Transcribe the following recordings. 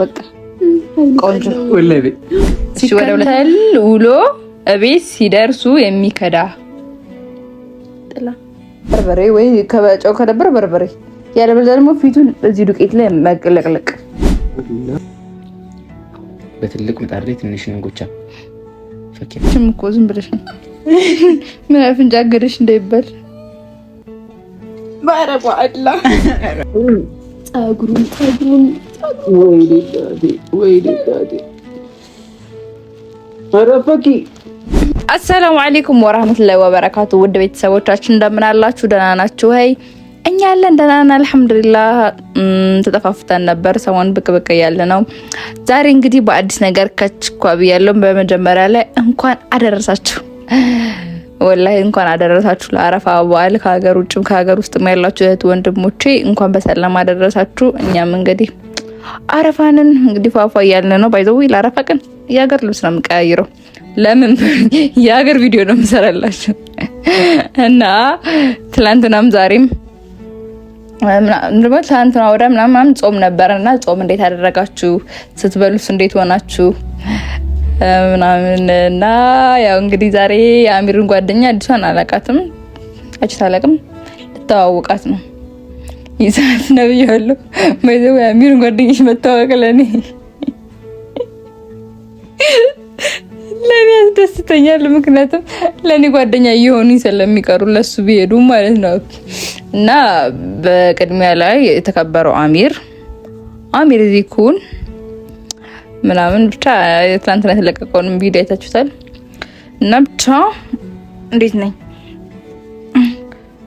በቃ ቆንጆ ሲከተል ውሎ እቤት ሲደርሱ የሚከዳ በርበሬ ወይ ጨው ከደበር በርበሬ ያለበለዛ ደግሞ ፊቱን እዚህ ዱቄት ላይ መቅለቅለቅ። በትልቅ ምጣድ ላይ ትንሽ እንጎቻ ፈኪም እኮ ዝም ብለሽ ነው ምን አፍንጫ ገደሽ እንዳይባል ባረባ አላ ጸጉሩን ጸጉሩን ወይኔ እናቴ ወይኔ እናቴ። ኧረ ፈኪ አሰላሙ አለይኩም ወራህመቱላሂ ወበረካቱ። ውድ ቤተሰቦቻችን እንደምን አላችሁ? ደህና ናችሁ? ሀይ እኛ ያለን ደህና ነን አልሐምዱሊላህ። ተጠፋፍተን ነበር ሰሞን ብቅ ብቅ እያለ ነው። ዛሬ እንግዲህ በአዲስ ነገር ከችኳብ ያለው በመጀመሪያ ላይ እንኳን አደረሳችሁ ወላሂ እንኳን አደረሳችሁ ለአረፋ በዓል ከሀገር ውጭም ከሀገር ውስጥም ያላችሁ እህት ወንድሞቼ እንኳን በሰላም አደረሳችሁ። እኛም እንግዲህ አረፋንን እንግዲህ ፏፏ እያልን ነው። ባይ ባይዘው ለአረፋ ቀን የሀገር ልብስ ነው የምቀያይረው። ለምን የሀገር ቪዲዮ ነው የምሰራላቸው እና ትላንትናም ዛሬም ምናምን ትላንትና ወደ ምናምን ጾም ነበር እና ጾም እንዴት አደረጋችሁ? ስትበሉስ እንዴት ሆናችሁ? ምናምን እና ያው እንግዲህ ዛሬ የአሚርን ጓደኛ አዲሷን አላቃትም አጭት አላቅም ልተዋወቃት ነው ይሳት ነብይ ያሉ ማይዘው አሚሩን ጓደኞች መታወቅ ለኔ ለኔ ያስደስተኛል። ምክንያቱም ለኔ ጓደኛ እየሆኑኝ ስለሚቀሩ ለሱ ቢሄዱ ማለት ነው። እና በቅድሚያ ላይ የተከበረው አሚር አሚር ዚኩን ምናምን ብቻ ትናንትና የተለቀቀውን ቪዲዮ አይታችሁታል። እና ብቻ እንዴት ነኝ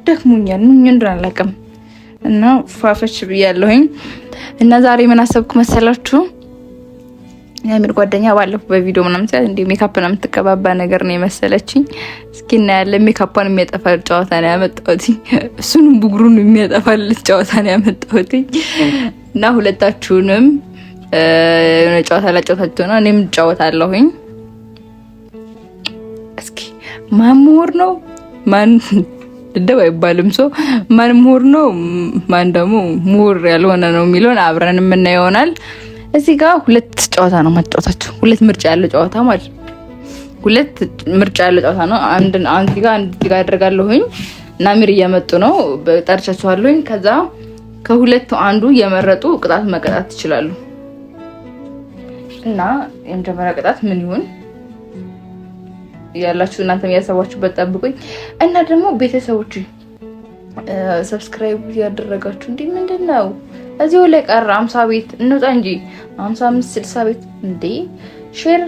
ደክሞኛል። ምን እንደሆነ አላውቅም። እና ፏፈች ብያለሁኝ። እና ዛሬ ምን አሰብኩ መሰላችሁ? የአሚር ጓደኛ ባለፈው በቪዲዮ ምናምን ስላት እንዲ ሜካፕ ነው የምትቀባባ ነገር ነው የመሰለችኝ። እስኪ እናያለን። ሜካፓን የሚያጠፋል ጨዋታ ነው ያመጣሁት። እሱንም ብጉሩን የሚያጠፋል ጨዋታ ነው ያመጣሁት እና ሁለታችሁንም የሆነ ጨዋታ ላጫወታችሁ ነው። እኔም እጫወታለሁኝ። እስኪ ማን ምሁር ነው ማን መደደብ አይባልም። ሶ ማን ምሁር ነው ማን ደግሞ ምሁር ያልሆነ ነው የሚለውን አብረን የምናየው ይሆናል። እዚህ ጋር ሁለት ጨዋታ ነው ማጫወታቸው፣ ሁለት ምርጫ ያለው ጨዋታ ማለት ሁለት ምርጫ ያለው ጨዋታ ነው። አንድ እዚህ ጋር አንድ ጋር አደርጋለሁኝ እና ሚር እየመጡ ነው ጠርቻችኋለሁኝ። ከዛ ከሁለቱ አንዱ የመረጡ ቅጣት መቀጣት ትችላሉ እና የመጀመሪያ ቅጣት ምን ይሁን? ያላችሁ እናንተም እያሰባችሁበት ጠብቁኝ እና ደግሞ ቤተሰቦች ሰብስክራይብ ያደረጋችሁ እንዴ ምንድን ነው እዚሁ ላይ ቀረ አምሳ ቤት እንውጣ እንጂ አምሳ አምስት ስልሳ ቤት እንዴ ሼር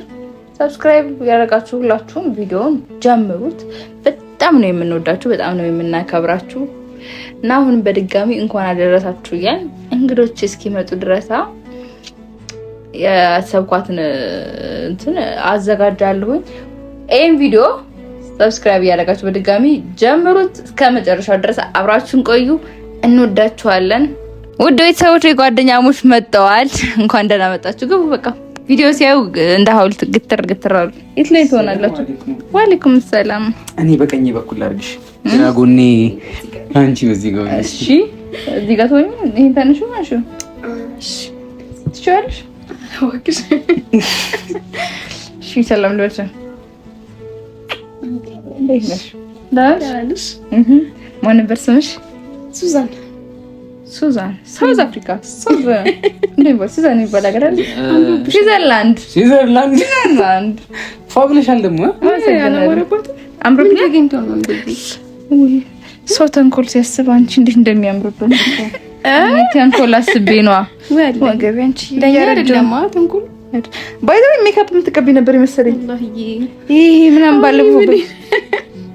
ሰብስክራይብ ያደረጋችሁ ሁላችሁም ቪዲዮውን ጀምሩት በጣም ነው የምንወዳችሁ በጣም ነው የምናከብራችሁ እና አሁን በድጋሚ እንኳን አደረሳችሁ እያል እንግዶች እስኪመጡ ድረሳ ያሰብኳትን እንትን አዘጋጃለሁኝ ይህን ቪዲዮ ሰብስክራይብ እያደረጋችሁ በድጋሚ ጀምሩት። እስከ መጨረሻው ድረስ አብራችሁን ቆዩ። እንወዳችኋለን። ውድ ቤተሰቦች ጓደኛሞች መጠዋል። እንኳን ደህና መጣችሁ። ግቡ። በቃ ቪዲዮ ሲያዩ እንደ ሀውልት ግትር ግትር አሉ። የት ላይ ትሆናላችሁ? ዋሌኩም ሰላም። እኔ በቀኝ በኩል አድርግሽ፣ ግራ ጎኔ አንቺ በዚህ ጎኔ። እሺ፣ እዚህ ጋር ትሆኚ። ይህን ተንሹ ማሹ ትችዋለሽ። እሺ፣ ሰላም ልበልሽ እንዴት ነሽ? ማን ነበር ስምሽ? ሱዛን ሱዛን ሳውዝ አፍሪካ ሱዛን ሀገር አለ ስዊዘርላንድ ስዊዘርላንድ ደግሞ ሰው ተንኮል ሲያስብ አንቺ እንዴት እንደሚያምርብን ተንኮል አስቤ ነዋ ሜካፕ የምትቀቢ ነበር የመሰለኝ ይሄ ምናምን ባለፈው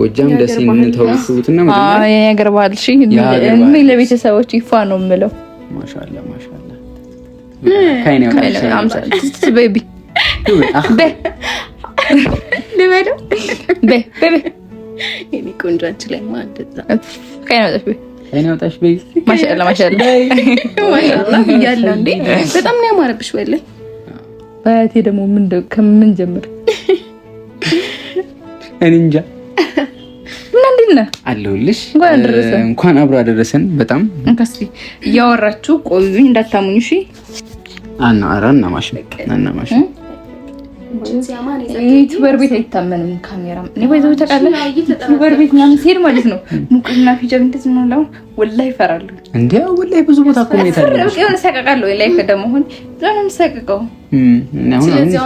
ጎጃም ደስ የምታውቁትና ማለት ነው። የሀገር ባህል እሺ፣ ለቤተሰቦች ይፋ ነው የምለው። ማሻአላ ማሻአላ። ቤቢ ላይ ወጣሽ በይ ወጣሽ በይ። ማሻአላ ማሻአላ ማሻአላ እንዴ! በጣም ነው ያማረብሽ። በለኝ በያቴ ደግሞ ምን ከምን ጀምር እንጃ እንዴት ነህ? አለሁልሽ። እንኳን አብሮ አደረሰን። በጣም እንከስቲ እያወራችሁ ቆዩኝ፣ እንዳታሙኝ። እሺ። አና አራ እናማሽ እናማሽ ዩቲዩበር ቤት አይታመንም። ካሜራ እኔ ቤት ምናምን ሲሄድ ማለት ነው ሙቅና ፊጀር እንደዚህ ነው ወላሂ ይፈራሉ። እንዴ ወላሂ ብዙ ቦታ እኮ ነው የሆነ ደግሞ አሁን ሰቀቀው እኔ አሁን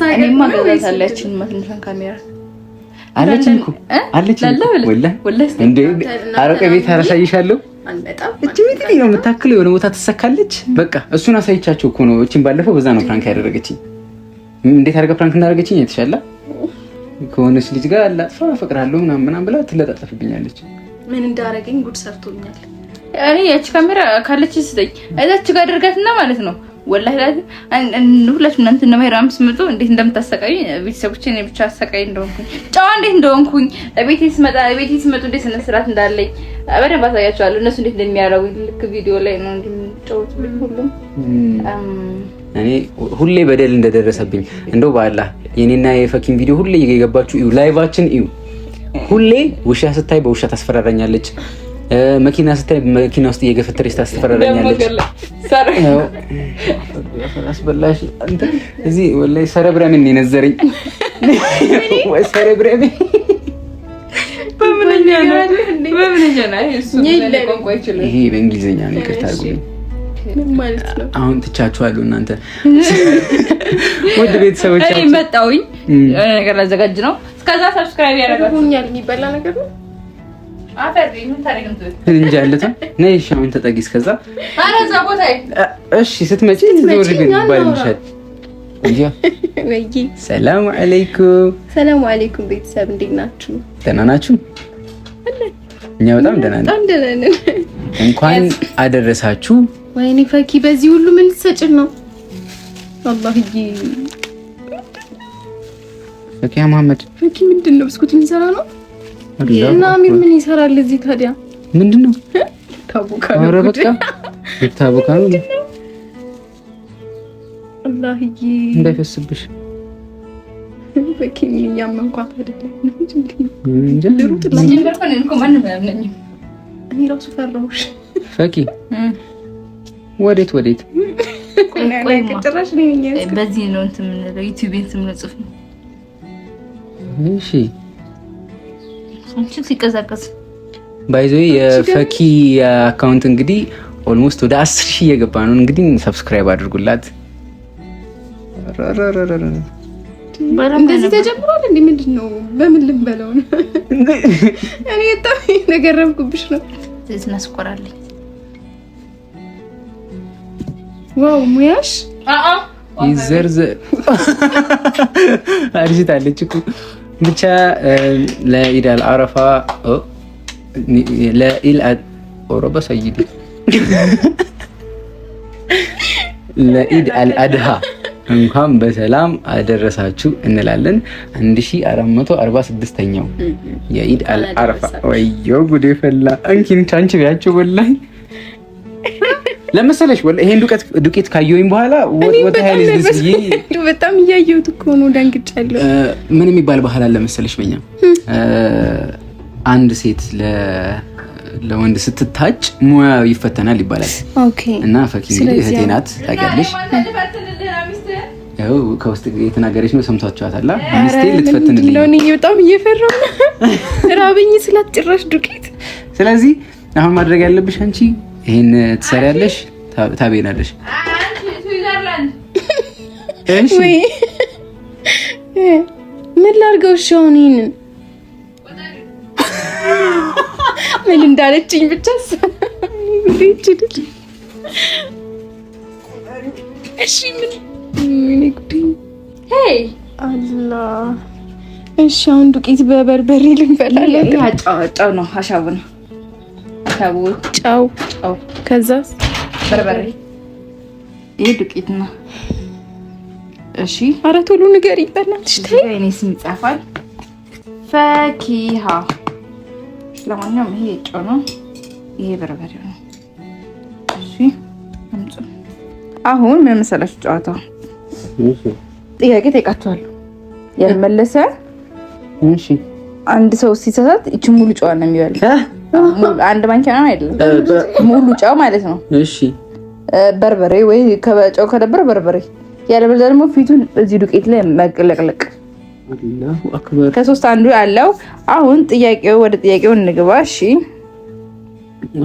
አሁን እኔ ካሜራ አለችኝ እኮ አለችኝ። አረቄ ቤት አላሳይሻለሁ። ነው የምታክለው፣ የሆነ ቦታ ትሰካለች። በቃ እሱን አሳይቻቸው እኮ ነው። እቺን ባለፈው በዛ ነው ፍራንክ ያደረገችኝ። እንዴት አድርጋ ፍራንክ እንዳደረገችኝ የተሻለ ከሆነች ልጅ ጋር አላጥፋ ፈቅራለሁ ምናምን ምናምን ብላ ትለጣጠፍብኛለች። ምን እንዳደረገኝ ጉድ ሰርቶኛል። እኔ ያቺ ካሜራ ካለች ስጠኝ እዛች ጋር አድርጋትና ማለት ነው ወላሂ ሁላችሁም እናንተ እነ ማሂራም ስመጡ እንዴት እንደምታሰቃዩኝ ቤተሰቦቼ እኔ ብቻ አሰቃይ እንደሆንኩኝ ጨዋ እንዴት እንደሆንኩኝ ቤቴ ስመጣ ቤቴ ስመጡ እንዴት ስነ ስርዓት እንዳለኝ በደንብ አሳያቸዋለሁ። እነሱ እንዴት እንደሚያደርጉኝ ልክ ቪዲዮ ላይ ነው እንደምጫወት ሁሉም እኔ ሁሌ በደል እንደደረሰብኝ እንደው በአላህ የኔና የፈኪን ቪዲዮ ሁሌ የገባችሁ እዩ፣ ላይቫችን እዩ። ሁሌ ውሻ ስታይ በውሻ ታስፈራራኛለች መኪና ስታይ መኪና ውስጥ እየገፈተረች ታስፈራራኛለች። አስበላሽ እዚህ ወላሂ ሰረብረምን የነዘረኝ ሰረብረም ይሄ በእንግሊዝኛ ነው። ይቅርታ አድርጉልኝ። አሁን ትቻችኋለሁ። እናንተ ውድ ቤተሰቦች መጣውኝ ነገር ላዘጋጅ ነው። እስከዛ ሰብስክራይብ ያደረጋል የሚበላ ነገር ነው እንጃ ያለትም ነይ እሺ፣ ተጠጊ። እስከዛ እሺ፣ ስትመጪ ዞር ግን ይባል ይሻል። ሰላም አለይኩም፣ ሰላም አለይኩም። ቤተሰብ እንዴት ናችሁ? ደህና ናችሁ? እኛ በጣም ደህና ነን። እንኳን አደረሳችሁ። ወይኔ ፈኪ፣ በዚህ ሁሉ ምን ልትሰጭን ነው? አላህዬ ፈኪያ መሀመድ፣ ፈኪ ምንድን ነው ብስኩት ልንሰራ ነው? እና ምን ምን ይሰራል እዚህ ታዲያ? ምንድነው? ታቦካ ኧረ በቃ ታቦካ ነው። አላህዬ እንዳይፈስብሽ። በኪኒ እያመንኳት አይደለም እንጂ እኔ ራሱ ፈራሁሽ ፈኪ። ወዴት ወዴት? በዚህ ነው እንትን የምንለው ዩቲዩብ እንትን የምንጽፍ እሺ ሲቀዛቀዝ ባይዞ የፈኪ አካውንት እንግዲህ ኦልሞስት ወደ አስር ሺህ እየገባ ነው። እንግዲህ ሰብስክራይብ አድርጉላት። እንደዚህ ተጀምሯል። እንደ ምንድን ነው በምን ልንበለው ነው? እኔ በጣም ነገረምኩብሽ ነው። ትናስቆራለኝ። ዋው ሙያሽ ይዘርዘ አሪፍ አለች እኮ ብቻ ለኢዳል አረፋ ለኢል ኦሮበ ሰይዲ ለኢድ አልአድሃ እንኳን በሰላም አደረሳችሁ እንላለን። 1446ኛው የኢድ አልአረፋ ወዮ ጉዴ ፈላ አንቺን ቻንቺ ቢያችሁ ወላሂ ለመሰለሽ ወላሂ ይሄን ዱቄት ዱቄት ካየሁኝ በኋላ ወጣ ያለ ዝስ በጣም እያየሁት እኮ ነው፣ ደንግጫለሁ። ምን የሚባል ባህል አለ መሰለሽ በኛ አንድ ሴት ለ ለወንድ ስትታጭ ሙያው ይፈተናል ይባላል። ኦኬ እና ፈኪ እንግዲህ እህቴ ናት ታውቂያለሽ። ያው ከውስጥ የተናገረች ነው ሰምቷችኋታላ። ሚስቴ ልትፈትንልኝ ነው። በጣም እየፈራሁ ነው፣ ራበኝ ስላት ጭራሽ ዱቄት። ስለዚህ አሁን ማድረግ ያለብሽ አንቺ ይህን ትሰሪያለሽ፣ ታቤናለሽ። ምን ላድርገው? እሺ አሁን ይህንን ምን እንዳለችኝ ብቻ እሺ ምን አላ እሺ፣ አሁን ዱቄት በበርበሬ ልንበላለን። አጫወጣው ነው አሻቡ ነው ጨው፣ ጨው ከዛ በርበሬ። ይሄ ዱቄት ነው። እሺ፣ ኧረ ቶሎ ንገሪኝ በእናትሽ። ተይ እኔ ስም ይጻፋል። ፈኪሃ። ለማንኛውም ይሄ ጨው ነው፣ ይሄ በርበሬ ነው። እሺ፣ አሁን ምን መሰላችሁ ጨዋታ ጥያቄ ጠይቃችኋለሁ። ያልመለሰ አንድ ሰው ሲሰሳት ይቺ ሙሉ ጨዋ ነው የሚበላ አንድ ማንኪያ አይደለም፣ ሙሉ ጨው ማለት ነው። እሺ በርበሬ ወይ ጨው ከነበር በርበሬ፣ ያለበለዚያ ደግሞ ፊቱን እዚህ ዱቄት ላይ መቅለቅለቅ። ከሶስት አንዱ ያለው አሁን ጥያቄው ወደ ጥያቄው እንግባ። እሺ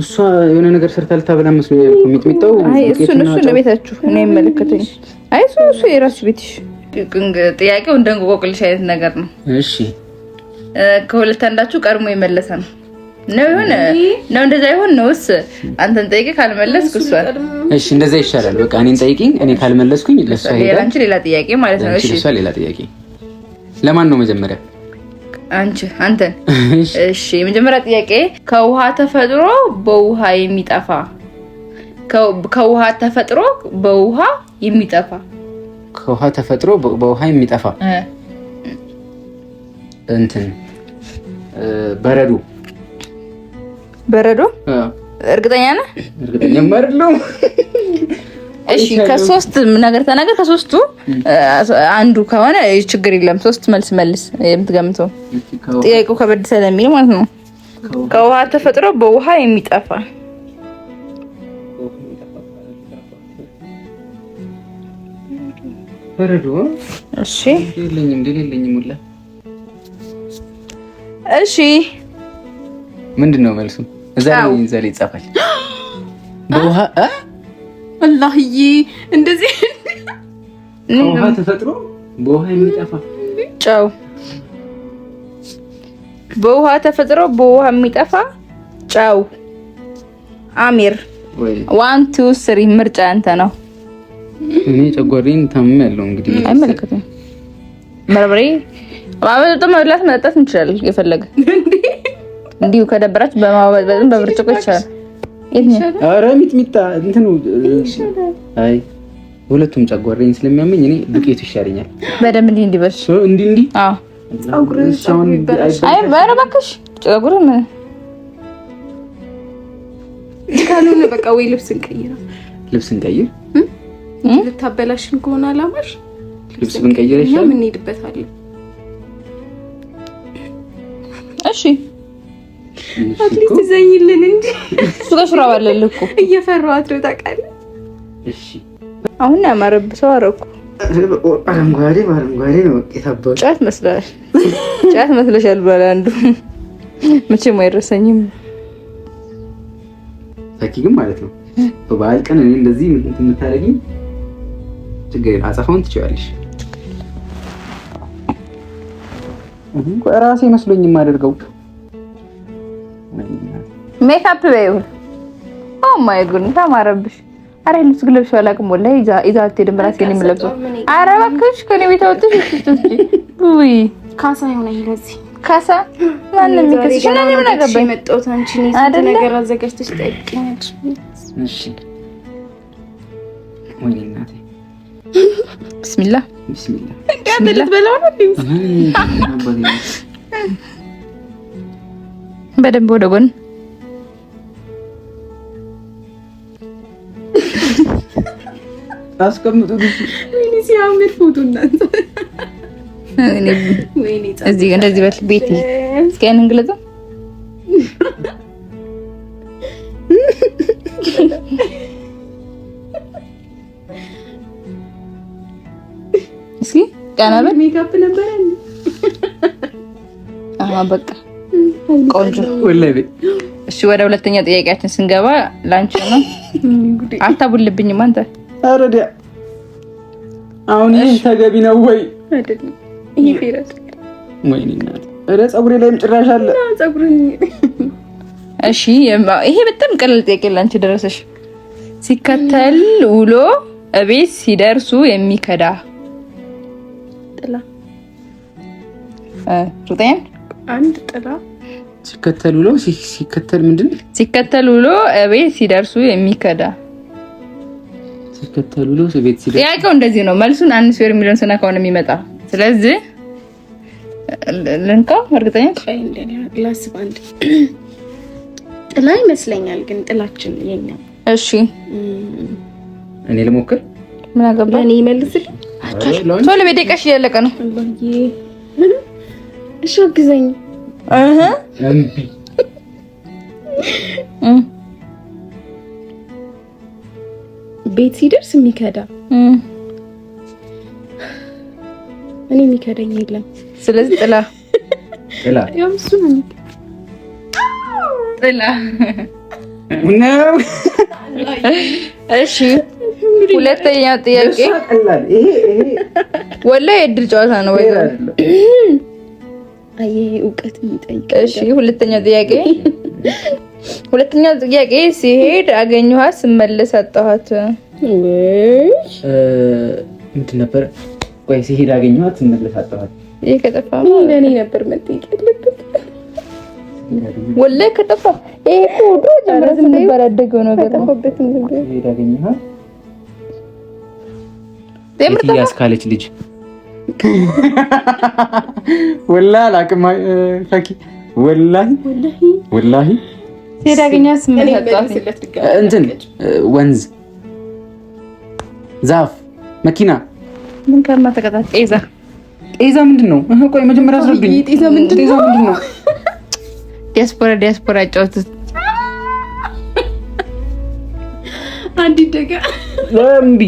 እሷ የሆነ ነገር ሰርታ ልታበላ መስሎኝ የሚጥሚጣው እሱን እሱን ቤታችሁ እኔ የመለከተኝ አይ እሱ እሱ የራሱ ቤትሽ ጥያቄው እንደ እንቆቅልሽ አይነት ነገር ነው። እሺ ከሁለት አንዳችሁ ቀድሞ የመለሰ ነው። ነው ይሁን ነው እንደዛ ይሁን ነውስ? አንተን ጠይቅ ካልመለስኩ እሷን እሺ፣ እንደዛ ይሻላል። በቃ እኔን ጠይቂኝ፣ እኔ ካልመለስኩኝ ለሷ ሄዳ አንቺ ሌላ ጥያቄ ማለት ነው። እሺ፣ ለሷ ሌላ ጥያቄ። ለማን ነው መጀመሪያ? አንቺ አንተን። እሺ፣ የመጀመሪያ ጥያቄ ከውሃ ተፈጥሮ በውሃ የሚጠፋ ከውሃ ተፈጥሮ በውሃ የሚጠፋ ከውሃ ተፈጥሮ በውሃ የሚጠፋ እንትን በረዶ በረዶ እርግጠኛ ነህ? እርግጠኛ አይደለሁም። እሺ ከሶስት ነገር ተናገር። ከሶስቱ አንዱ ከሆነ ችግር የለም። ሶስት መልስ መልስ የምትገምተው ጥያቄው ከበድ ስለሚል ማለት ነው። ከውሃ ተፈጥሮ በውሃ የሚጠፋ በረዶ። እሺ እሺ፣ ምንድን ነው መልሱ? እዛ ዘሌ ይጻፋል በውሃ አላህዬ እንደዚህ ውሃ ተፈጥሮ በውሃ የሚጠፋ ጨው በውሃ ተፈጥሮ በውሃ የሚጠፋ ጨው። አሚር ዋን ቱ ስሪ፣ ምርጫ ያንተ ነው። እኔ ጨጓራዬን ታምም ያለው እንግዲህ አይመለከትም። በርበሬ ማበጥ መብላት መጠጣት እንችላለን የፈለገ እንዲሁ ከደበራች በማበጥበጥም በብርጭቆ ይቻላል። ኧረ ሚጥሚጣ እንትኑ አይ ሁለቱም ጨጓራዬን ስለሚያመኝ እኔ ዱቄቱ ይሻለኛል። በደንብ እንዲህ እንዲበርሽ እንዲህ እንዲህ አዎ። አይ ኧረ እባክሽ ጸጉርም ካልሆነ በቃ ወይ ልብስ እንቀይር፣ ልብስ እንቀይር። ልታበላሽን ከሆነ አላማሽ ልብስ ብንቀይር ይሻላል። ምን እንሄድበታለን? እሺ አትሊስት ዘኝልን እንጂ እሱ ጋር ሹራብ አለልህ እኮ እየፈሩ ነው ታውቃለህ። እሺ አሁን ያማረብ ሰው አደረኩ። አረንጓዴ በአረንጓዴ ነው የታበሉ ጫት መስላል ጫት መስለሻል ብሏል አንዱ። መቼም አይረሰኝም ታኪ ግን ማለት ነው በበዓል ቀን እኔ እንደዚህ የምታደርጊኝ ችግር አጸፋውን ትችያለሽ። ራሴ መስሎኝ የማደርገው ሜካፕ በይው። ኦ ማይ ጉድ ተማረብሽ። አረ ልብስ ግለብሽ አላቅም። ወላሂ ይዛ አትሄድም። ራስ ግን የምለብሰው አረ እባክሽ ከኔ ቤት አውጥሽ እስቲ ውይ ካሳ ይሆነ ይለዚህ ካሳ ማንም ይከስሽ እና ምን አገባኝ የመጣሁት አንቺ ነሽ። ነገር አዘጋጅተሽ ጠይቂኝ። እሺ ቢስሚላህ ቢስሚላህ እንዴ አትልት በላው ነው በደንብ ወደ ጎን አስቀምጡ። ወይኔ ሲያምር ፎቶ እናንተ እዚህ እንደዚህ ቀና በል ሜካፕ ነበር። አዎ በቃ ቆንጆ እሺ ወደ ሁለተኛ ጥያቄያችን ስንገባ ላንቺ ነው። አታቡልብኝም አንተ አረዲያ። አሁን ይህ ተገቢ ነው ወይ? ፀጉሬ ላይም ጭራሽ አለ። እሺ ይሄ በጣም ቀላል ጥያቄ ላንቺ ደረሰሽ። ሲከተል ውሎ እቤት ሲደርሱ የሚከዳ ጥላ አንድ ጥላ ሲከተል ውሎ ሲከተል ምንድን ነው? ሲከተል ውሎ ቤት ሲደርሱ የሚከዳ ሲከተል ውሎ ቤት ሲደርሱ ጥያቄው እንደዚህ ነው። መልሱን አንድ ስፌር የሚለውን ስና ከሆነ የሚመጣ ስለዚህ ልንካው እርግጠኛ ላስብ አንድ ጥላ ይመስለኛል፣ ግን ጥላችን የኛ። እሺ እኔ ልሞክር። ምን አገባ እኔ ይመልስል ቶሎ ቤት ደቂቃሽ እያለቀ ነው። እሺ አግዘኝ። እህ እምቢ ቤት ሲደርስ የሚከዳ እኔ የሚከዳኝ የለም። ስለዚህ ጥላ ጥላ ያው እሱ ነው ጥላ እሺ ሁለተኛው ጥያቄ ወላሂ የእድል ጨዋታ ነው ወይ? አይ እውቀት የሚጠይቅ እሺ። ሁለተኛው ጥያቄ ሁለተኛው ጥያቄ ሲሄድ አገኘኋት፣ ስመለስ አጣኋት። ምንድን ነበር? ቆይ ሲሄድ አገኘኋት፣ ስመለስ አጣኋት። ይሄ ከጠፋ ለእኔ ነበር መጠየቅ ያለበት። ወላሂ ከጠፋ ይሄ እኮ ወዶ ጀምሮ ያደገው ነገር ነው። ሲሄድ አገኘኋት ያስካለች ልጅ ወላ አላቅም ፈኪ ወላሂ ወላሂ እንትን ወንዝ፣ ዛፍ፣ መኪና ጤዛ ጤዛ ምንድን ነው? ቆይ መጀመሪያ አስረዱኝ። ጤዛ ምንድን ነው? ዲያስፖራ ዲያስፖራ ጫወቱት አንዲ ደጋ እምቢ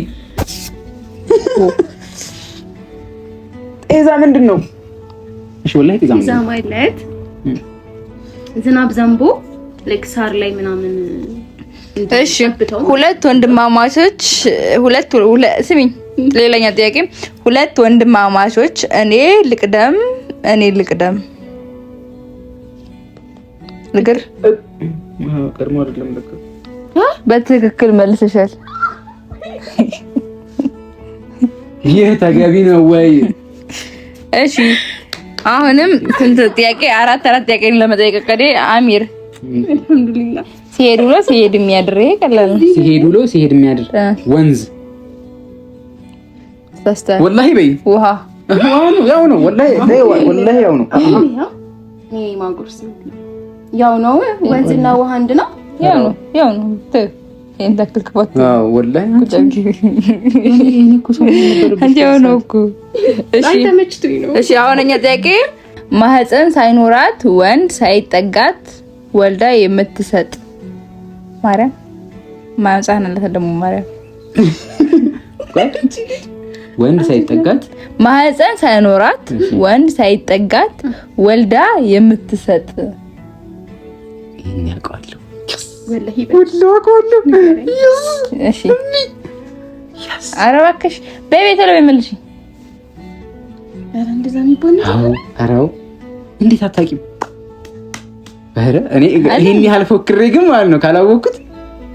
ጤዛ ምንድን ነው? እሺ ወላሂ ጤዛ ማለት ዝናብ ዘንቦ ሳር ላይ ምናምን እሺ ሁለት ወንድማማቾች ሁለት ሁለት ስሚኝ፣ ሌላኛ ጥያቄ ሁለት ወንድማማቾች እኔ ልቅደም እኔ ልቅደም ልግር ቀድሞ አይደለም ልክ በትክክል መልሰሻል። ይህ ተገቢ ነው ወይ? እሺ አሁንም ስንት ጥያቄ? አራት አራት ጥያቄ ለመጠየቅ ቀዴ አሚር ሲሄድ ውሎ ሲሄድ የሚያድር ይሄ ቀላል ነው። ሲሄድ ውሎ ሲሄድ የሚያድር ወንዝ ወላሂ በይ ውሃ ያው ነው። ወላሂ ወላሂ ያው ነው። ያው ነው። ወንዝና ውሃ አንድ ነው። ያው ነው። ያው ነው። ማህፀን ሳይኖራት ወንድ ሳይጠጋት ወልዳ የምትሰጥ ማርያም ማህፀን አላት ደግሞ ማርያም ወንድ ሳይጠጋት ማህፀን ሳይኖራት ወንድ ሳይጠጋት ወልዳ የምትሰጥ ይሄን ያውቀዋለሁ ኧረ እባክሽ በቤት ነው የምልሽኝ። እንዴት አታውቂም? ይህን ያህል ፎክሬ ግን ማለት ነው ካላወቅኩት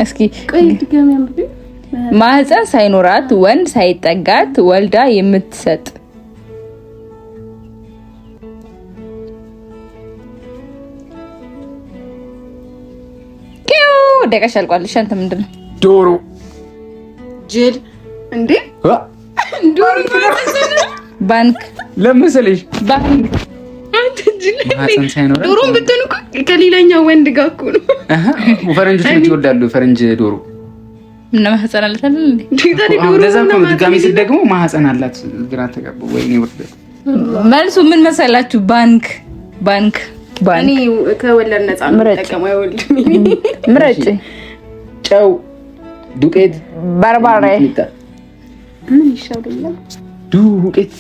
እስኪ ማህፀን ሳይኖራት ወንድ ሳይጠጋት ወልዳ የምትሰጥ ደቂቃሽ ያልቋል። እሺ አንተ ምንድን ነው? ዶሮ ጅል እንዴ? ዶሮ ባንክ ለምስልሽ ባንክ ዶሮም ብትሆን እኮ ከሌላኛው ወንድ ጋር እኮ ነው። ፈረንጆች ይወዳሉ ፈረንጅ ዶሮ እና ማህፀን አላት አይደል እንዴ? እኮ ድጋሚ ማህፀን አላት። ግራ ወይኔ ወርደ መልሱ ምን መሰላችሁ? ባንክ ባንክ እኔ ከወለድ ነፃ ምጠቀሙ አይወልድም። ምረጭ ጨው፣ ዱቄት፣ በርበሬ ምን ይሻለኛል? ዱቄት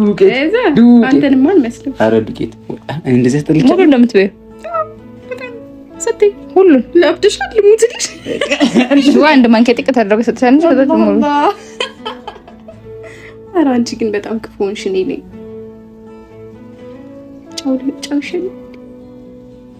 ዱቄት ግን በጣም ክፉ ሆንሽ። ነኝ ጨው ጨው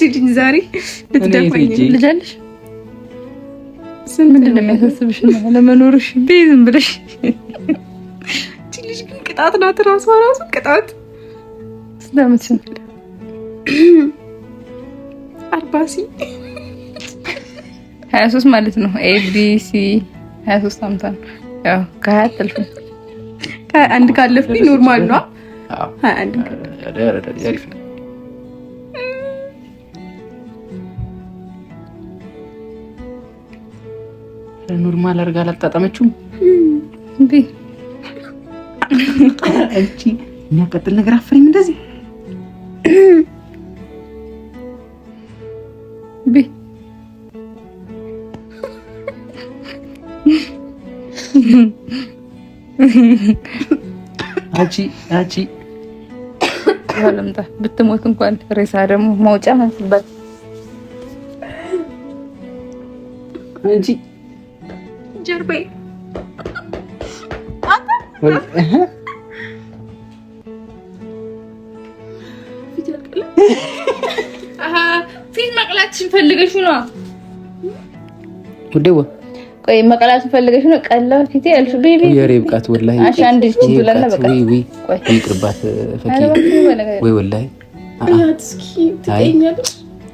ልጅ ዛሬ ልትደፋኝ ልጃለሽ። ምንድን ነው የሚያሳስብሽ? ለመኖርሽ ዝም ብለሽ ልጅ ግን ቅጣት ናት። ራሷ ራሱ ቅጣት ስለምትል አርባሲ ሀያ ሶስት ማለት ነው። ኤቢሲ ሀያ ሶስት አምታ ያው ከሀያ አታልፍም። አንድ ካለፍኩኝ ኖርማል ነው። ኖርማል አድርጋ አላጣጣመችውም እንዴ? አንቺ የሚያቀጥል ነገር አፈሪም እንደዚህ አቺ አቺ ወለምታ ብትሞት እንኳን ሬሳ ደግሞ ማውጫ አንቺ ነገር በይ። ፊት መቅላት ፈልገሽ ነው ጉዴዋ? ቆይ መቅላትሽን ፈልገሽ ነው? ቀላ ፊት ያልሽ ቤቢ የሬብቃት ወላሂ አንድ ልጅ ብለና በቃ ወይ ወይ ይቅርባት ፈኪ ወይ ወላሂ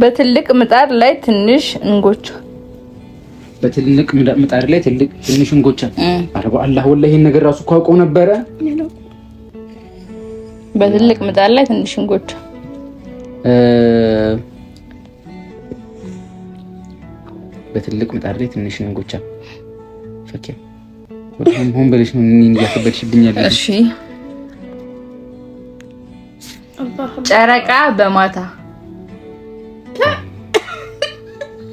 በትልቅ ምጣድ ላይ ትንሽ እንጎቻ በትልቅ ምጣድ ላይ ትልቅ ትንሽ እንጎቻ። አረ በአላህ ወላሂ ይሄን ነገር ራሱ እኮ አውቀው ነበረ። በትልቅ ምጣድ ላይ ትንሽ እንጎቻ በትልቅ ምጣድ ላይ ትንሽ እንጎቻ። ፈኪ ሆን ብለሽ ነው እኔን እያከበድሽብኝ እሺ ጨረቃ በማታ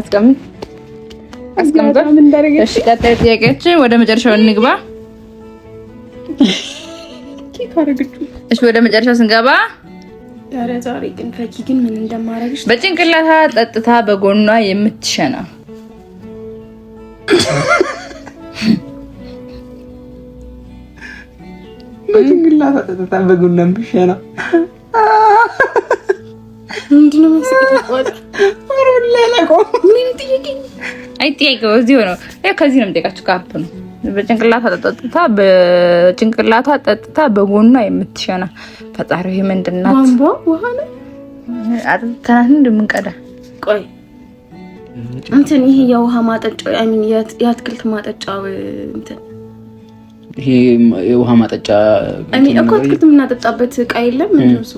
አስቀምጥ አስቀምጧል። እሺ ቀጣይ ጥያቄያችን ወደ መጨረሻው እንግባ። እሺ ወደ መጨረሻው ስንገባ በጭንቅላታ ጠጥታ በጎኗ የምትሸና በጭንቅላታ ጠጥታ በጎኗ የምትሸና ምንድን ነው አይጠያየቀው። እዚሁ ነው። ከዚህ ነው የምጠይቃችሁ። ካፕ ነው በጭንቅላቷ ጠጥታ በጭንቅላቷ ጠጥታ በጎኗ የምትሸና ፈጣሪ ይሄ ምንድን ቆይ እንትን ይሄ የውሃ ማጠጫ አይሚን የአትክልት ማጠጫ እንትን ይሄ የውሃ ማጠጫ እኮ አትክልት የምናጠጣበት እቃ የለም። ምንድን ነው እሱ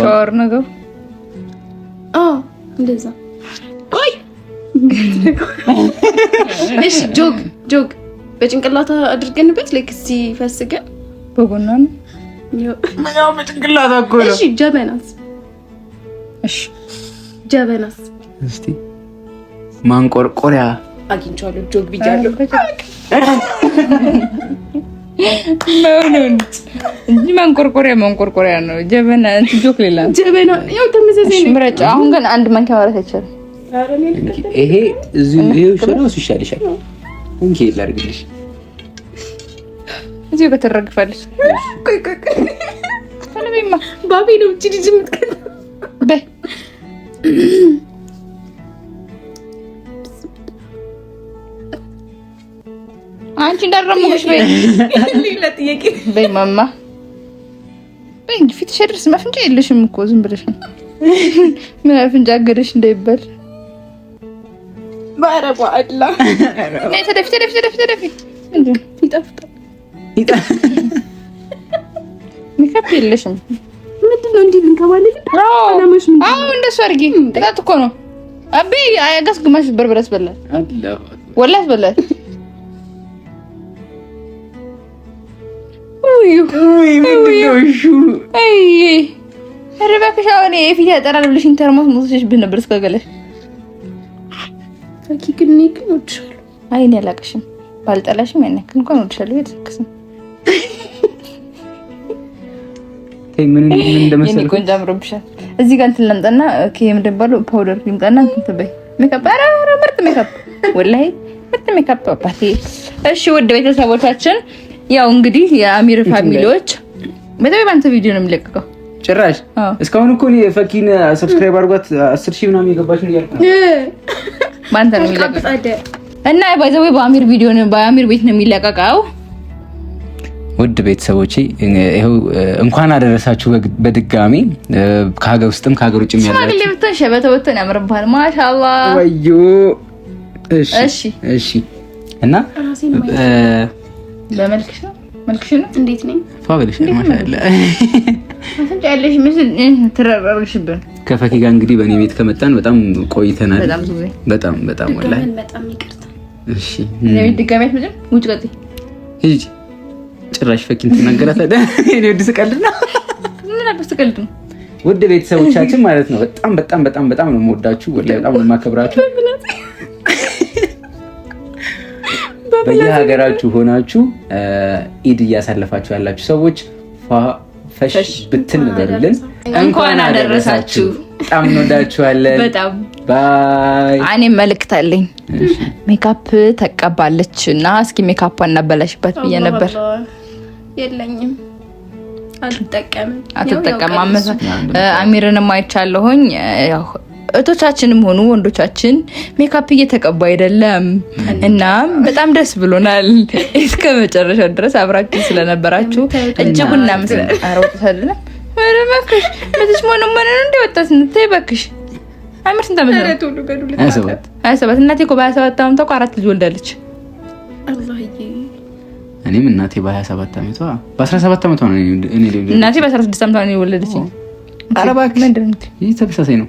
ሻወር ነገር አዎ እንደዛ። ቆይ ጆግ ጆግ በጭንቅላታ አድርገንበት ልክ ሲፈስገን በጎና ነው ምናምን በጭንቅላታ እኮ ነው። እሺ፣ ጀበናስ? እሺ፣ ጀበናስ? እስቲ ማንቆርቆሪያ አግኝቻለሁ። ጆግ ብያለሁ። እንጂ መንቆርቆሪያ መንቆርቆሪያ ነው። ጀበና ጆክ ሌላ ጀበና ያው ተመሳሳይ ነው። አሁን ግን አንድ መንኪያ ማለት አይቻልም። ይሄ እዚህ ይሻልሻል። እንኪ ላድርግልሽ። እዚህ ባቢ ነው እቺ ልጅ የምትከተለው በይ አንቺ እንዳረሙሽ በይ ለጥያቄ በይ ማማ በይ እንጂ ፊትሽ ድረስ መፍንጫ የለሽም እኮ ዝም ብለሽ ነው። ምን አፍንጫ አገደሽ እንዳይባል ባረባ አላ ነይ ተደፊ ተደፊ ተደፊ ተደፊ እንዴ ይጣፍጣል ሜካፕ የለሽም። ምንድን ነው እንዲህ ልንከባለል? አዎ እንደሱ አድርጊ። ቅጣት እኮ ነው አቤ አያጋስ ግማሽ በርበሬ አስበላል ወላ አስበላል ኧረ እባክሽ አሁን የፊት ያጠራል ብለሽ ተርሞስ ሙዝሽ ብን ነበር እስከገለሽ ፈኪ ግን እኔ ግን እወድሻለሁ። አይ እኔ አላቅሽም ባልጠላሽም ያን ያክል እንኳን እወድሻለሁ። የተሰከሰ ምን እንደመሰለኝ ቆንጆ አምሮብሻል። እዚህ ጋር እንትን ላምጣና የምደባለው ፓውደር ይምጣና እንትን ትበይ ሜካፕ። ኧረ ኧረ ምርጥ ሜካፕ ወላሂ ምርጥ ሜካፕ አባቴ። እሺ ውድ ቤተሰቦቻችን ያው እንግዲህ የአሚር ፋሚሊዎች በጣም በአንተ ቪዲዮ ነው የሚለቀቀው። ጭራሽ እስካሁን እኮ እኔ ፈኪን ሰብስክራይብ አድርጓት አስር ሺህ ምናምን የገባች ነው እያልኩ በአንተ ነው የሚለቀቀው እና ባይዘዌ በአሚር ቪዲዮ ነው በአሚር ቤት ነው የሚለቀቀው። ውድ ቤተሰቦቼ ይኸው እንኳን አደረሳችሁ በድጋሚ ከሀገር ውስጥም ከሀገር ውጭም ያላችሁ ብትሆን ሸበተ ብትሆን ያምርብሃል። ማሻላ ወዩ እሺ እሺ እና በመልክሽ ነው መልክሽ ነው። እንዴት ነኝ? ያለሽ ምስል ከፈኪ ጋር እንግዲህ በእኔ ቤት ከመጣን በጣም ቆይተናል። በጣም በጣም ወላሂ በጣም ይቅርታ። እሺ ውጭ ሂጂ። ጭራሽ ፈኪን ትናገራታለህ። እኔ ወድ ስቀልድ ነው ምን ስቀልድ ነው። ውድ ቤተሰቦቻችን ማለት ነው በጣም በጣም በጣም በጣም ነው የምወዳችሁ ወላሂ በጣም ነው የማከብራችሁ። በየሀገራችሁ ሆናችሁ ኢድ እያሳለፋችሁ ያላችሁ ሰዎች ፈሽ ብትን ንበሩልን። እንኳን አደረሳችሁ። በጣም እንወዳችኋለን። በጣም ባይ። እኔም መልእክት አለኝ። ሜካፕ ተቀባለች እና እስኪ ሜካፕ አናበላሽበት ብዬ ነበር። የለኝም አትጠቀም አትጠቀማም። አሚርንም አይቻለሁኝ ያው እህቶቻችንም ሆኑ ወንዶቻችን ሜካፕ እየተቀቡ አይደለም። እናም በጣም ደስ ብሎናል። እስከ መጨረሻው ድረስ አብራችሁ ስለነበራችሁ እጅጉን እናመሰግናለን። እናቴ አራት ልጅ ወልዳለች። እኔም እናቴ በ27 ዓመቷ በ17 ዓመቷ ነው። እናቴ በ16 ዓመቷ ነው የወለደች። አረ እባክሽ ይህ ተመሳሳይ ነው።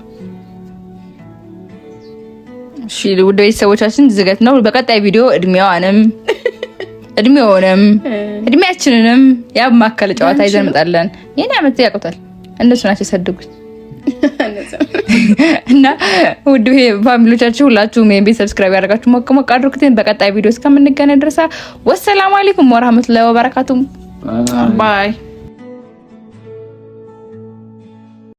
ውድ ቤተሰቦቻችን ዝገት ነው። በቀጣይ ቪዲዮ እድሜዋንም እድሜውንም እድሜያችንንም ያማከለ ጨዋታ ይዘን እንመጣለን። ይህን አመት ያውቁታል እነሱ ናቸው የሰደጉት። እና ውድ ፋሚሊዎቻችን ሁላችሁም ቤት ሰብስክራይብ ያደርጋችሁ ሞቅ ሞቅ አድርጉትን። በቀጣይ ቪዲዮ እስከምንገናኝ ድረሳ ወሰላም አሌኩም ወራህመቱላሂ ወበረካቱም ባይ